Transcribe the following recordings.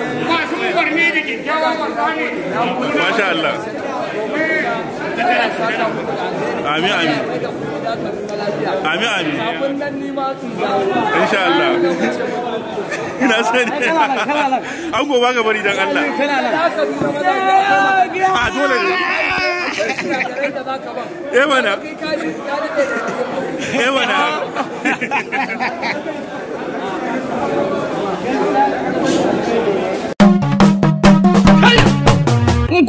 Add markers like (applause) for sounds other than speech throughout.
masu masha Allah amin amin amin amin ina sani an goba ga bari dan Allah a ah, dole ne eh mana eh mana (laughs)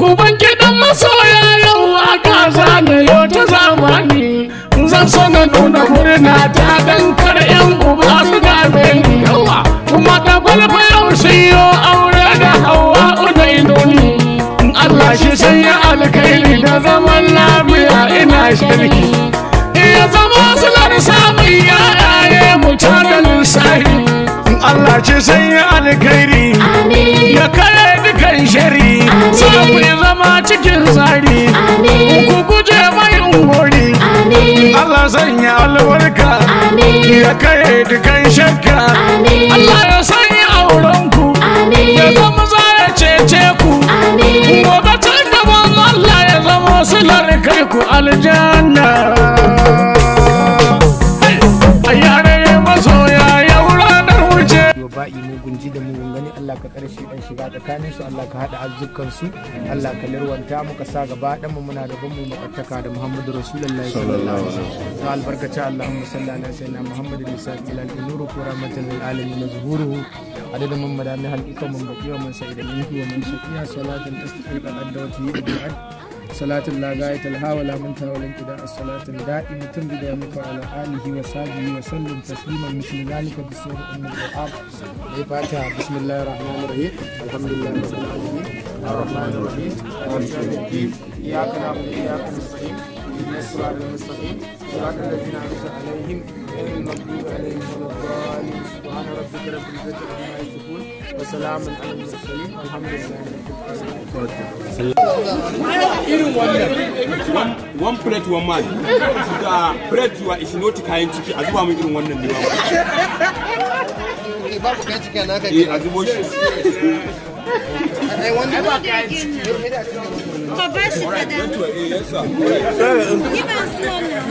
Guban kiɗan masoya yau a kasa da yau ta zamani Zan so na nuna murna ta dan kar yan uba su game ni yawa Kuma ta kwalfa yau aure da hawa unai nuni Allah shi sanya alkhairi da zaman lafiya ina shirki. Ya zama sular samun ya'yaye mu tara lissafi Allah shi sanya alkhairi Amin zama cikin zari ku guje mai gori Allah sanya albarka ya kare dukan shakka fa'i mugun ji da mugun gani Allah ka karshe dan shiga tsakanin su Allah ka hada azzukan su Allah ka lirwanta muka sa gaba dan mu muna da ban mu makattaka da Muhammadu Rasulullahi sallallahu alaihi wasallam to albarkaci Allahumma salli ala sayyidina Muhammadin sallallahu alaihi nuru ko rahmatan lil alamin zuhuruhu adadin man madani halika man baqiya man sa'ida minhu wa man shaqiya salatan tasdiqu al-adawati salatin la ya talha wa lamun tawalan kida as salatin da'i mutum da ya muka ala alihi wa sahbihi wa sallam tasliman misli zalika bi sura ummul qur'an ai fata bismillahir rahmanir rahim alhamdulillahi rabbil alamin arrahmanir rahim maliki yawmiddin iyyaka na'budu wa iyyaka nasta'in irin wannan one bread one man da bread yuwa is not kayan ciki a zuba mun irin wannan ne ba wuri babu kai cikin naka ke a zubo I want to do again now. Cover shi ka da.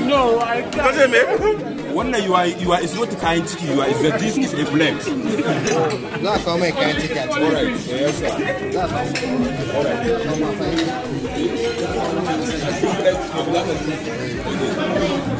No, I can't. Kaje me? Wannan you are you are It's not kind to you are is this is a blend. Na kawo mai kayan ciki a cikin. Alright, yes sir. Alright.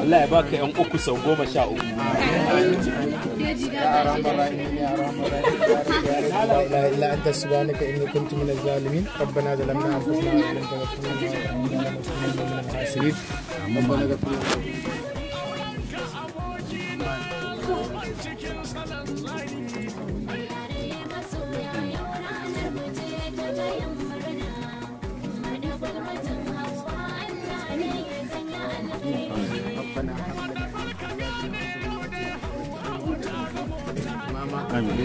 Allah ya baka yan uku sau goma sha uku. La anta subhanaka inni kuntu minal zalimin rabbana zalamna anfusana ربنا هب لنا آمين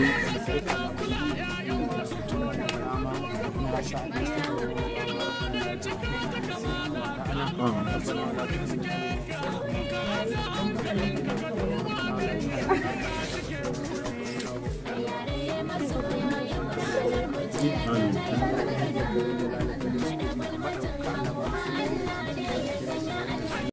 آمين